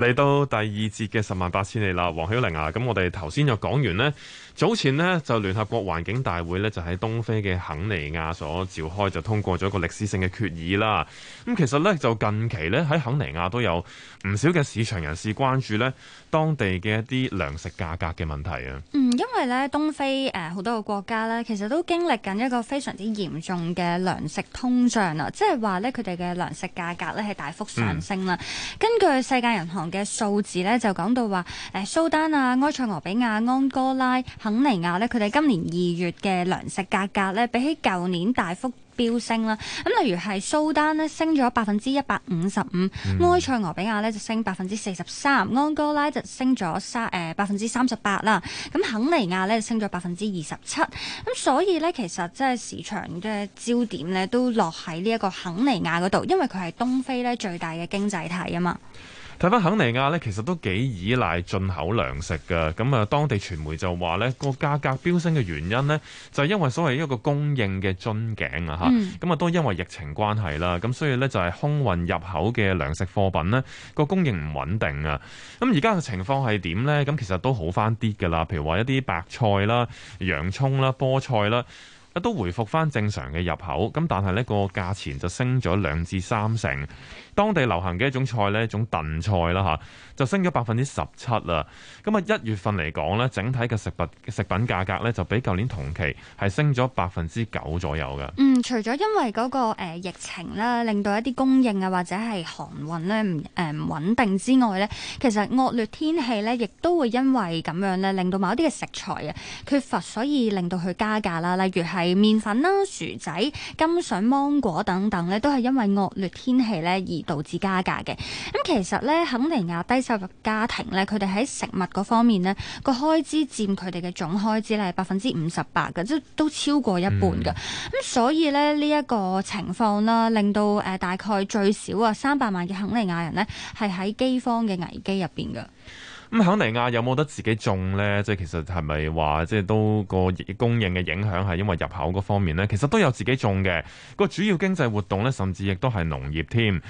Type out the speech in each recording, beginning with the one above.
嚟到第二節嘅十萬八千里啦，黃曉玲啊，咁我哋頭先就講完呢。早前呢，就聯合國環境大會呢，就喺東非嘅肯尼亞所召開，就通過咗一個歷史性嘅決議啦。咁其實呢，就近期呢，喺肯尼亞都有唔少嘅市場人士關注呢當地嘅一啲糧食價格嘅問題啊。嗯，因為呢，東非誒好多個國家呢，其實都經歷緊一個非常之嚴重嘅糧食通脹啊，即係話呢，佢哋嘅糧食價格呢係大幅上升啦。嗯、根據世界銀行嘅數字咧，就講到話，誒、呃、蘇丹啊、埃塞俄比亞、安哥拉、肯尼亞咧，佢哋今年二月嘅糧食價格咧，比起舊年大幅飆升啦。咁、啊、例如係蘇丹呢，升咗百分之一百五十五；嗯、埃塞俄比亞咧，就升百分之四十三；安哥拉就升咗三誒百分之三十八啦。咁、啊、肯尼亞咧，升咗百分之二十七。咁、啊、所以咧，其實即係市場嘅焦點咧，都落喺呢一個肯尼亞嗰度，因為佢係東非咧最大嘅經濟體啊嘛。睇翻肯尼亞咧，其實都幾依賴進口糧食㗎，咁啊，當地傳媒就話咧，個價格飆升嘅原因呢，就係因為所謂一個供應嘅樽頸啊嚇，咁啊、嗯、都因為疫情關係啦，咁所以呢，就係空運入口嘅糧食貨品呢個供應唔穩定啊，咁而家嘅情況係點呢？咁其實都好翻啲噶啦，譬如話一啲白菜啦、洋葱啦、菠菜啦，都回復翻正常嘅入口，咁但係呢個價錢就升咗兩至三成。當地流行嘅一種菜呢，一種燉菜啦吓，就升咗百分之十七啊！咁啊，一月份嚟講呢，整體嘅食物食品價格呢，就比舊年同期係升咗百分之九左右嘅。嗯，除咗因為嗰個、呃、疫情呢，令到一啲供應啊或者係航運呢唔誒唔穩定之外呢，其實惡劣天氣呢，亦都會因為咁樣呢，令到某啲嘅食材啊缺乏，所以令到佢加價啦。例如係麵粉啦、薯仔、甘筍、芒果等等呢，都係因為惡劣天氣呢。而導致加價嘅。咁，其實咧肯尼亞低收入家庭咧，佢哋喺食物嗰方面咧，個開支佔佢哋嘅總開支咧係百分之五十八嘅，即都超過一半嘅。咁、嗯、所以咧呢一、這個情況啦，令到誒、呃、大概最少啊三百萬嘅肯尼亞人咧，係喺饑荒嘅危機入邊嘅。咁肯尼亞有冇得自己種呢？即係其實係咪話即係都個供應嘅影響係因為入口嗰方面呢？其實都有自己種嘅，個主要經濟活動呢，甚至亦都係農業添。咁、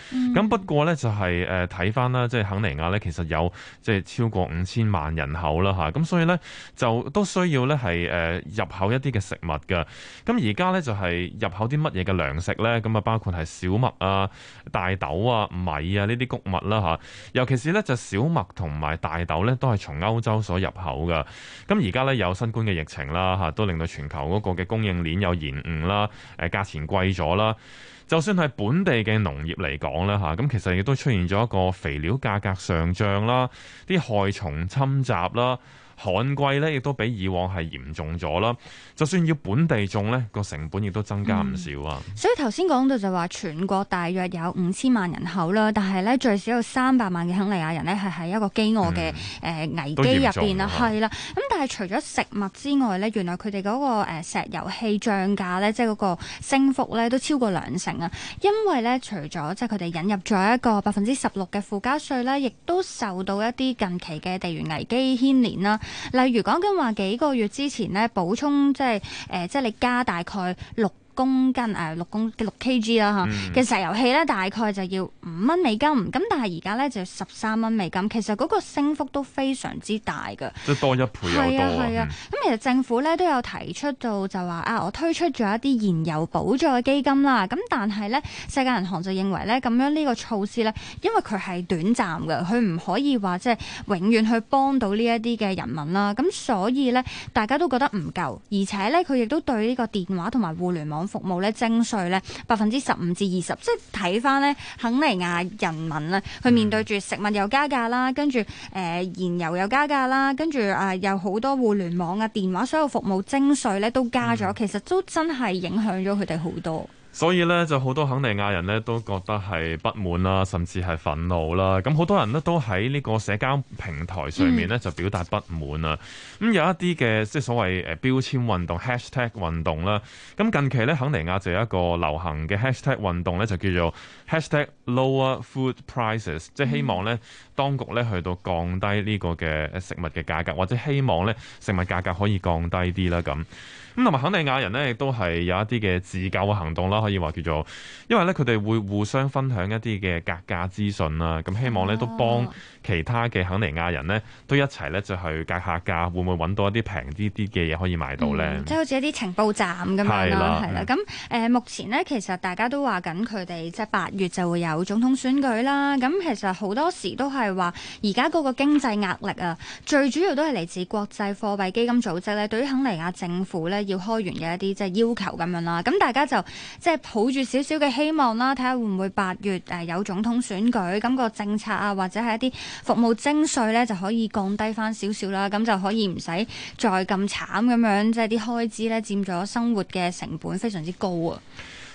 嗯、不過呢，就係誒睇翻啦，即係肯尼亞呢，其實有即係超過五千萬人口啦嚇，咁所以呢，就都需要呢係誒入口一啲嘅食物㗎。咁而家呢，就係入口啲乜嘢嘅糧食呢？咁啊包括係小麥啊、大豆啊、米啊呢啲穀物啦嚇，尤其是呢，就小麥同埋大豆豆咧都係從歐洲所入口噶，咁而家咧有新冠嘅疫情啦，嚇都令到全球嗰個嘅供應鏈有延誤啦，誒價錢貴咗啦。就算係本地嘅農業嚟講啦，嚇咁其實亦都出現咗一個肥料價格上漲啦，啲害蟲侵襲啦。旱季咧，亦都比以往係嚴重咗啦。就算要本地種咧，個成本亦都增加唔少啊、嗯。所以頭先講到就話全國大約有五千萬人口啦，但係咧最少有三百萬嘅肯尼亞人咧係喺一個飢餓嘅誒危機入邊啦，係啦。咁但係除咗食物之外咧，原來佢哋嗰個石油氣漲價咧，即係嗰個升幅咧都超過兩成啊。因為咧，除咗即係佢哋引入咗一個百分之十六嘅附加稅咧，亦都受到一啲近期嘅地緣危機牽連啦。例如講緊話幾個月之前咧，補充即係誒、呃，即係你加大概六公斤誒六、哎、公六 Kg 啦嚇，嘅、啊嗯、石油氣咧大概就要五蚊美金，咁但係而家咧就十三蚊美金，其實嗰個升幅都非常之大嘅，即係多一倍好多。係啊係啊，咁、啊、其實政府咧都有提出到就話啊，我推出咗一啲燃油補助基金啦，咁但係咧世界銀行就認為咧咁樣呢個措施咧，因為佢係短暫嘅，佢唔可以話即係永遠去幫到呢一啲嘅人民啦，咁所以咧大家都覺得唔夠，而且咧佢亦都對呢個電話同埋互聯網服務咧徵稅咧百分之十五至二十，即係睇翻咧肯尼亞人民咧，佢面對住食物又加價啦，跟住誒、呃、燃油又加價啦，跟住誒有好多互聯網啊電話所有服務徵稅咧都加咗，其實都真係影響咗佢哋好多。所以咧，就好多肯尼亞人咧都覺得係不滿啦，甚至係憤怒啦。咁好多人呢都喺呢個社交平台上面咧就表達不滿啦。咁、嗯、有一啲嘅即係所謂誒標籤運動、hashtag 運動啦。咁近期咧肯尼亞就有一個流行嘅 hashtag 運動咧，就叫做 hashtag lower food prices，、嗯、即係希望咧當局咧去到降低呢個嘅食物嘅價格，或者希望咧食物價格可以降低啲啦咁。咁同埋肯尼亞人呢，亦都係有一啲嘅自救嘅行動啦，可以話叫做，因為咧佢哋會互相分享一啲嘅格價資訊啦。咁、啊、希望咧都幫其他嘅肯尼亞人呢，都一齊咧就去格下價，會唔會揾到一啲平啲啲嘅嘢可以買到呢？嗯、即係好似一啲情報站咁樣啦，係啦。咁誒、呃，目前呢，其實大家都話緊佢哋即係八月就會有總統選舉啦。咁其實好多時都係話，而家嗰個經濟壓力啊，最主要都係嚟自國際貨幣基金組織咧。對於肯尼亞政府咧。要開源嘅一啲即係要求咁樣啦，咁大家就即係抱住少少嘅希望啦，睇下會唔會八月誒、呃、有總統選舉，咁、個政策啊，或者係一啲服務徵稅呢，就可以降低返少少啦，咁就可以唔使再咁慘咁樣，即係啲開支呢佔咗生活嘅成本非常之高啊！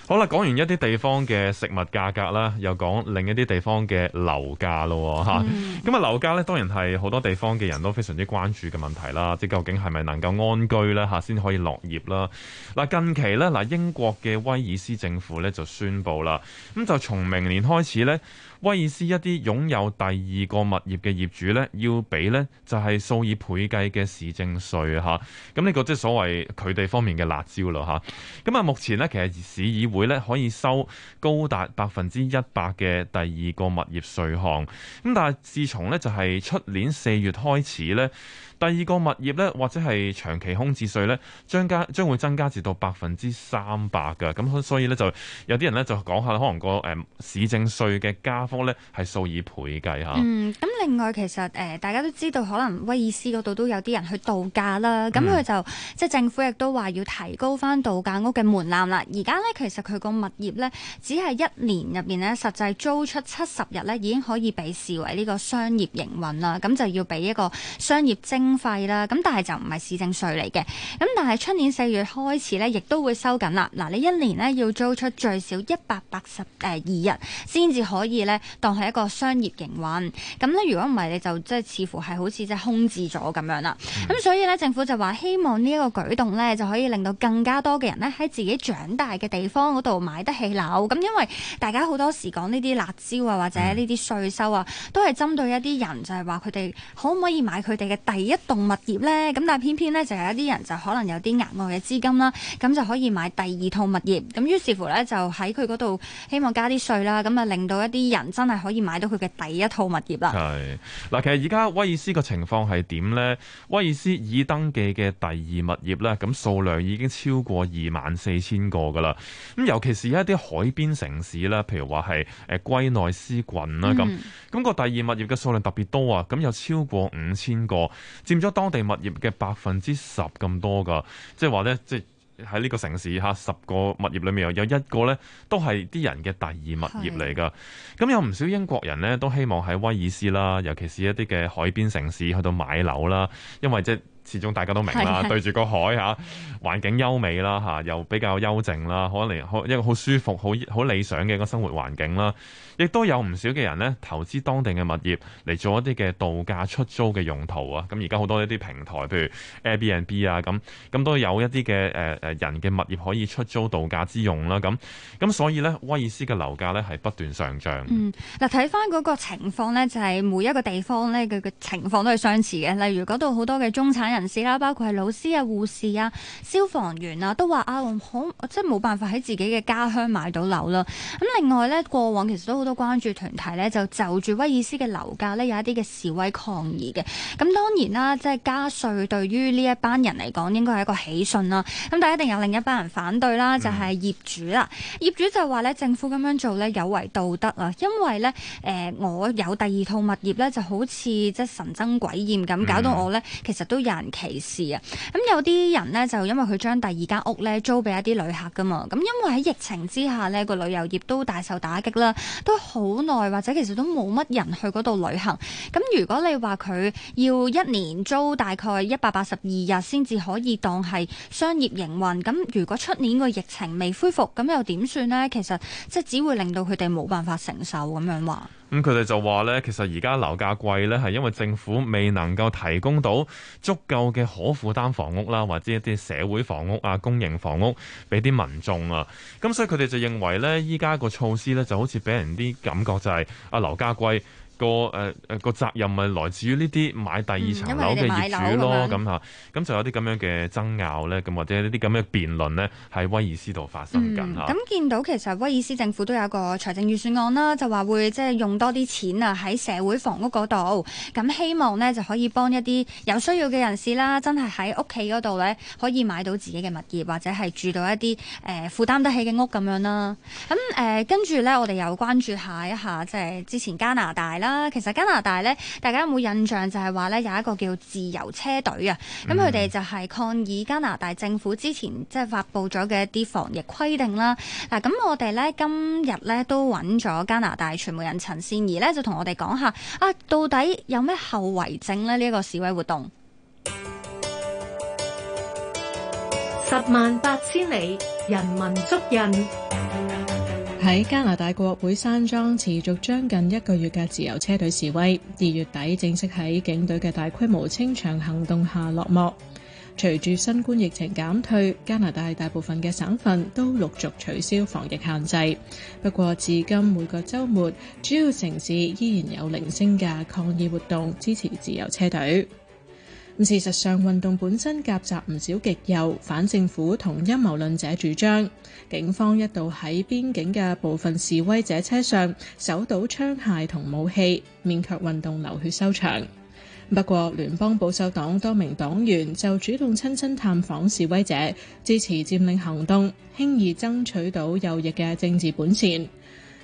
好啦，講完一啲地方嘅食物價格啦，又講另一啲地方嘅樓價咯嚇。咁啊、嗯、樓價咧，當然係好多地方嘅人都非常之關注嘅問題啦。即究竟係咪能夠安居咧嚇，先可以樂業啦。嗱近期咧，嗱英國嘅威爾斯政府咧就宣布啦，咁就從明年開始咧。威爾斯一啲擁有第二個物業嘅業主咧，要俾咧就係、是、數以倍計嘅市政稅嚇。咁、啊、呢、這個即係所謂佢哋方面嘅辣椒啦嚇。咁啊，啊，目前呢，其實市議會咧可以收高達百分之一百嘅第二個物業稅項。咁但係自從呢就係、是、出年四月開始呢，第二個物業呢，或者係長期空置稅呢，將加將會增加至到百分之三百㗎。咁、啊、所以呢，就有啲人呢就講下可能個誒、呃、市政稅嘅加。方咧係數以倍計嚇。嗯，咁另外其實誒、呃，大家都知道可能威爾斯嗰度都有啲人去度假啦。咁佢就即係、嗯、政府亦都話要提高翻度假屋嘅門檻啦。而家咧其實佢個物業咧，只係一年入邊咧，實際租出七十日咧，已經可以被視為呢個商業營運啦。咁就要俾一個商業徵費啦。咁但係就唔係市政稅嚟嘅。咁但係出年四月開始咧，亦都會收緊啦。嗱，你一年咧要租出最少一百八十誒二日先至可以咧。當係一個商業營運，咁咧如果唔係你就即係似乎係好似即係空置咗咁樣啦。咁、嗯、所以咧政府就話希望呢一個舉動咧就可以令到更加多嘅人咧喺自己長大嘅地方嗰度買得起樓。咁、嗯、因為大家好多時講呢啲辣招啊或者呢啲稅收啊，都係針對一啲人就係話佢哋可唔可以買佢哋嘅第一棟物業咧？咁但係偏偏咧就有一啲人就可能有啲額外嘅資金啦，咁就可以買第二套物業。咁於是乎咧就喺佢嗰度希望加啲稅啦，咁啊令到一啲人。真係可以買到佢嘅第一套物業啦。係嗱，其實而家威爾斯嘅情況係點呢？威爾斯已登記嘅第二物業咧，咁數量已經超過二萬四千個噶啦。咁尤其是一啲海邊城市啦，譬如話係誒龜內斯郡啦咁，咁個、嗯、第二物業嘅數量特別多啊。咁有超過五千個，佔咗當地物業嘅百分之十咁多噶。即係話咧，即係。喺呢個城市嚇，十個物業裏面有有一個呢，都係啲人嘅第二物業嚟㗎。咁的有唔少英國人呢，都希望喺威爾斯啦，尤其是一啲嘅海邊城市去到買樓啦，因為即、就係始終大家都明啦，是是對住個海嚇，環境優美啦嚇，又比較幽靜啦，可能一個好舒服、好好理想嘅一個生活環境啦。亦都有唔少嘅人呢投資當地嘅物業嚟做一啲嘅度假出租嘅用途啊。咁而家好多一啲平台，譬如 Airbnb 啊，咁咁都有一啲嘅誒誒人嘅物業可以出租度假之用啦。咁咁所以呢，威爾斯嘅樓價呢係不斷上漲。嗱，睇翻嗰個情況呢，就係、是、每一個地方呢，佢嘅情況都係相似嘅。例如嗰度好多嘅中產，人士啦，包括係老師啊、護士啊、消防員啊，都話啊，好即係冇辦法喺自己嘅家鄉買到樓啦。咁另外咧，過往其實都好多關注團體咧，就就住威爾斯嘅樓價咧，有一啲嘅示威抗議嘅。咁當然啦，即係加稅對於呢一班人嚟講，應該係一個喜訊啦。咁但係一定有另一班人反對啦，就係、是、業主啦。嗯、業主就話咧，政府咁樣做咧有違道德啊，因為咧誒，我有第二套物業咧，就好似即係神憎鬼厭咁，搞到、嗯、我呢，其實都有人。歧視啊！咁、嗯、有啲人呢，就因為佢將第二間屋呢，租俾一啲旅客噶嘛，咁、嗯、因為喺疫情之下呢個旅遊業都大受打擊啦，都好耐或者其實都冇乜人去嗰度旅行。咁、嗯、如果你話佢要一年租大概一百八十二日先至可以當係商業營運，咁、嗯、如果出年個疫情未恢復，咁、嗯、又點算呢？其實即係只會令到佢哋冇辦法承受咁樣話。咁佢哋就話呢，其實而家樓價貴呢，係因為政府未能夠提供到足夠嘅可負擔房屋啦，或者一啲社會房屋啊、公營房屋俾啲民眾啊。咁所以佢哋就認為呢，依家個措施呢就好似俾人啲感覺就係、是、啊樓價貴。個誒誒個責任咪來自於呢啲買第二層樓嘅業主咯，咁嚇咁就有啲咁樣嘅爭拗咧，咁或者呢啲咁嘅辯論咧，喺威爾斯度發生緊嚇。咁、嗯、見到其實威爾斯政府都有個財政預算案啦，就話會即係用多啲錢啊，喺社會房屋嗰度，咁希望咧就可以幫一啲有需要嘅人士啦，真係喺屋企嗰度咧可以買到自己嘅物業，或者係住到一啲誒、呃、負擔得起嘅屋咁樣啦。咁誒跟住咧，我哋又關注下一下，即係之前加拿大咧。啊，其實加拿大咧，大家有冇印象就係話咧，有一個叫自由車隊啊，咁佢哋就係抗議加拿大政府之前即係發佈咗嘅一啲防疫規定啦。嗱、啊，咁我哋咧今日咧都揾咗加拿大傳媒人陳善宜咧，就同我哋講下啊，到底有咩後遺症呢？呢、這、一個示威活動？十萬八千里，人文足印。喺加拿大國會山莊持續將近一個月嘅自由車隊示威，二月底正式喺警隊嘅大規模清場行動下落幕。隨住新冠疫情減退，加拿大大部分嘅省份都陸續取消防疫限制。不過至今每個周末，主要城市依然有零星嘅抗議活動支持自由車隊。事實上，運動本身夾雜唔少極右反政府同陰謀論者主張，警方一度喺邊境嘅部分示威者車上搜到槍械同武器，勉強運動流血收場。不過，聯邦保守黨多名黨員就主動親身探訪示威者，支持佔領行動，輕易爭取到右翼嘅政治本錢。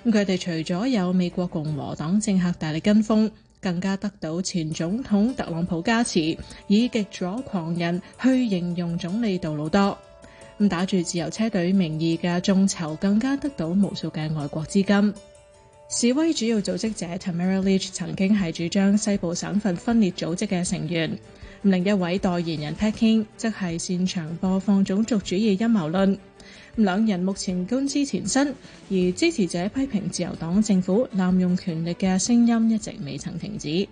佢哋除咗有美國共和黨政客大力跟風。更加得到前總統特朗普加持，以極左狂人去形容總理杜魯多。咁打住自由車隊名義嘅眾籌，更加得到無數嘅外國資金。示威主要組織者 Tamara Leach 曾經係主張西部省份分裂組織嘅成員，另一位代言人 Peking 則係擅長播放種族主義陰謀論。兩人目前官司纏身，而支持者批評自由黨政府濫用權力嘅聲音一直未曾停止。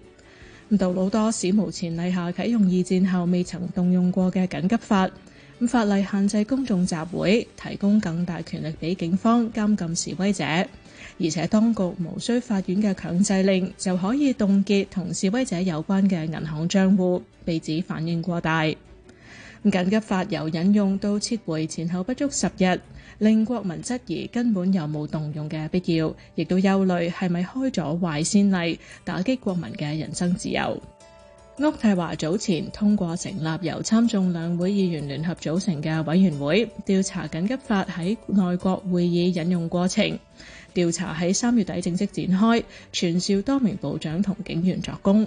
杜魯多史無前例下啟用二戰後未曾動用過嘅緊急法，法例限制公眾集會，提供更大權力俾警方監禁示威者，而且當局無需法院嘅強制令就可以凍結同示威者有關嘅銀行帳戶，被指反應過大。緊急法由引用到撤回前後不足十日，令國民質疑根本有冇動用嘅必要，亦都憂慮係咪開咗壞先例，打擊國民嘅人身自由。渥太華早前通過成立由參眾兩會議員聯合組成嘅委員會，調查緊急法喺內閣會議引用過程。調查喺三月底正式展開，傳召多名部長同警員作供。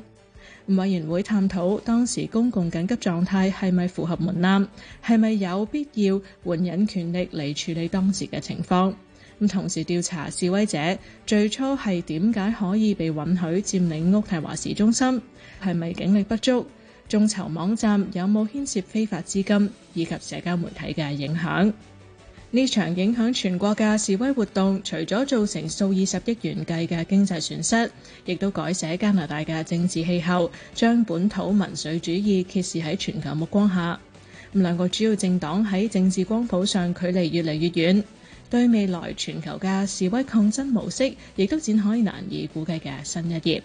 委員會探討當時公共緊急狀態係咪符合門檻，係咪有必要援引權力嚟處理當時嘅情況。咁同時調查示威者最初係點解可以被允許佔領渥太華市中心，係咪警力不足？眾籌網站有冇牽涉非法資金，以及社交媒體嘅影響？呢場影響全國嘅示威活動，除咗造成數二十億元計嘅經濟損失，亦都改寫加拿大嘅政治氣候，將本土民粹主義揭示喺全球目光下。咁兩個主要政黨喺政治光譜上距離越嚟越遠，對未來全球嘅示威抗爭模式，亦都展開難以估計嘅新一頁。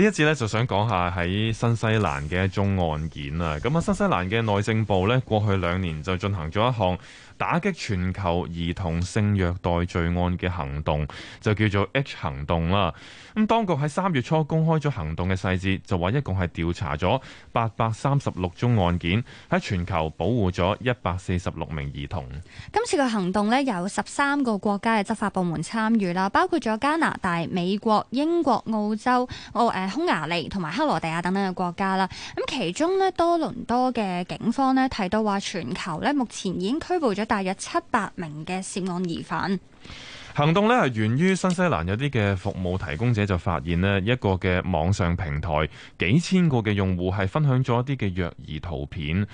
呢一次咧就想講下喺新西蘭嘅一宗案件啊，咁啊新西蘭嘅內政部呢，過去兩年就進行咗一項打擊全球兒童性虐待罪案嘅行動就叫做 H 行動啦。咁當局喺三月初公開咗行動嘅細節，就話一共係調查咗八百三十六宗案件，喺全球保護咗一百四十六名兒童。今次嘅行動呢，有十三個國家嘅執法部門參與啦，包括咗加拿大、美國、英國、澳洲、澳誒匈牙利同埋克羅地亞等等嘅國家啦。咁其中呢，多倫多嘅警方呢，提到話，全球呢，目前已經拘捕咗。大約七百名嘅涉案疑犯。行動咧係源於新西蘭有啲嘅服務提供者，就發現咧一個嘅網上平台幾千個嘅用戶係分享咗一啲嘅虐兒圖片，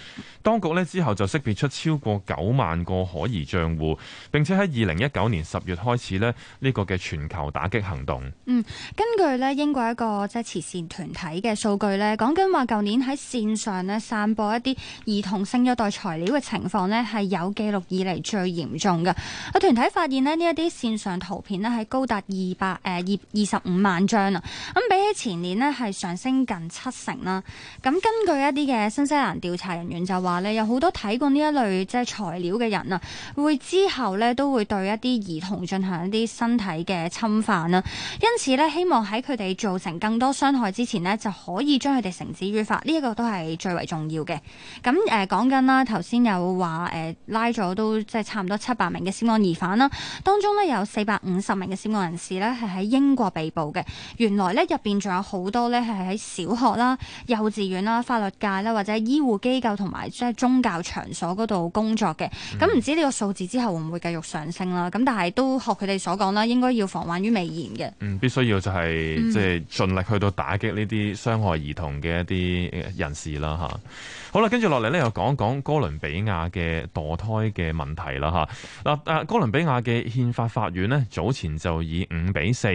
當局咧之後就識別出超過九萬個可疑賬戶，並且喺二零一九年十月開始咧呢個嘅全球打擊行動。嗯，根據咧英國一個即係慈善團體嘅數據咧，講緊話舊年喺線上咧散播一啲兒童性虐待材料嘅情況咧係有記錄以嚟，最嚴重嘅。個團體發現咧呢一啲線上圖片呢係高達二百誒、呃、二二十五萬張啦。咁比起前年呢，係上升近七成啦。咁根據一啲嘅新西蘭調查人員就話呢有好多睇過呢一類即係材料嘅人啊，會之後呢都會對一啲兒童進行一啲身體嘅侵犯啦。因此呢，希望喺佢哋造成更多傷害之前呢，就可以將佢哋繩之於法，呢、這、一個都係最為重要嘅。咁、嗯、誒、呃、講緊啦，頭先有話誒拉咗都即係差唔多七百名嘅涉案疑犯啦，當中呢，有。有四百五十名嘅涉案人士呢，係喺英國被捕嘅。原來呢，入邊仲有好多呢，係喺小學啦、幼稚園啦、法律界啦，或者醫護機構同埋即係宗教場所嗰度工作嘅。嗯，咁唔知呢個數字之後會唔會繼續上升啦？咁但係都學佢哋所講啦，應該要防患於未然嘅。嗯，必須要就係即係盡力去到打擊呢啲傷害兒童嘅一啲人士啦，吓、嗯。好啦，跟住落嚟呢，又講一講哥倫比亞嘅墮胎嘅問題啦，吓嗱。哥倫比亞嘅憲法法。法院呢早前就以五比四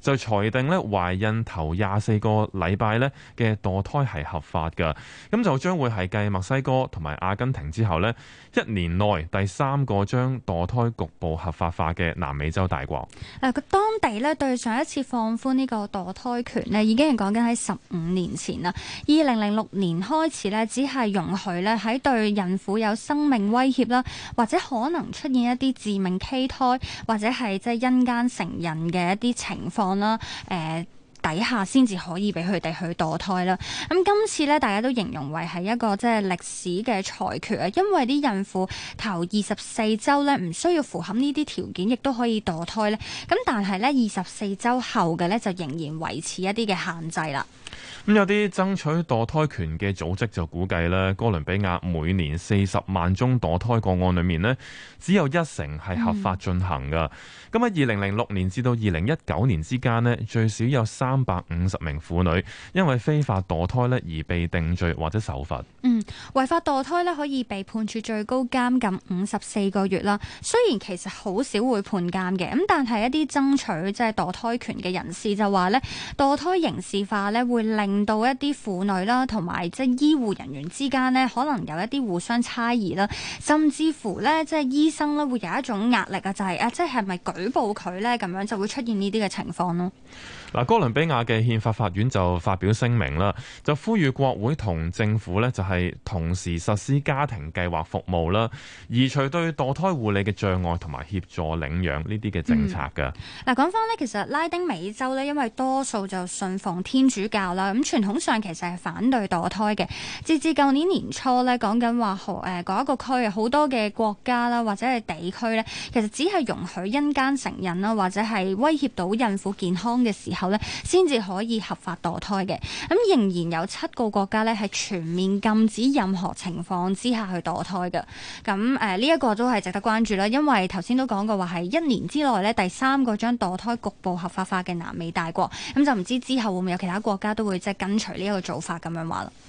就裁定呢懷孕頭廿四個禮拜呢嘅墮胎係合法噶，咁就將會係繼墨西哥同埋阿根廷之後呢一年內第三個將墮胎局部合法化嘅南美洲大國。誒，佢當地咧對上一次放寬呢個墮胎權呢已經係講緊喺十五年前啦，二零零六年開始呢只係容許呢，喺對孕婦有生命威脅啦，或者可能出現一啲致命畸胎或者。係即係因間成人嘅一啲情況啦，誒、呃、底下先至可以俾佢哋去墮胎啦。咁、嗯、今次咧，大家都形容為係一個即係歷史嘅裁決啊，因為啲孕婦頭二十四周咧唔需要符合呢啲條件，亦都可以墮胎咧。咁但係咧二十四周後嘅咧就仍然維持一啲嘅限制啦。咁有啲爭取墮胎權嘅組織就估計呢，哥倫比亞每年四十萬宗墮胎個案裏面呢，只有一成係合法進行噶。咁喺二零零六年至到二零一九年之間呢，最少有三百五十名婦女因為非法墮胎咧，而被定罪或者受罰。嗯，違法墮胎咧，可以被判處最高監禁五十四個月啦。雖然其實好少會判監嘅，咁但係一啲爭取即係墮胎權嘅人士就話呢，墮胎刑事化呢會。令到一啲婦女啦，同埋即係醫護人員之間咧，可能有一啲互相猜疑啦，甚至乎咧，即係醫生咧會有一種壓力啊，就係啊，即係咪舉報佢咧？咁樣就會出現呢啲嘅情況咯。嗱，哥倫比亞嘅憲法法院就發表聲明啦，就呼籲國會同政府咧，就係同時實施家庭計劃服務啦，移除對墮胎護理嘅障礙同埋協助領養呢啲嘅政策嘅。嗱、嗯，講翻咧，其實拉丁美洲咧，因為多數就信奉天主教啦，咁傳統上其實係反對墮胎嘅。截至舊年年初咧，講緊話誒嗰一個區好多嘅國家啦，或者係地區咧，其實只係容許陰間成人啦，或者係威脅到孕婦健康嘅時候。後咧，先至可以合法墮胎嘅。咁仍然有七個國家咧，係全面禁止任何情況之下去墮胎嘅。咁、嗯、誒，呢、呃、一、這個都係值得關注啦。因為頭先都講過話係一年之內咧，第三個將墮胎局部合法化嘅南美大國。咁、嗯、就唔知之後會唔會有其他國家都會即係跟隨呢一個做法咁樣話啦。